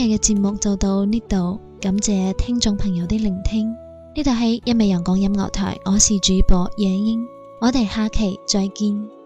今日嘅節目就到呢度，感謝聽眾朋友的聆聽。呢度係一米陽光音樂台，我是主播夜鶯，我哋下期再見。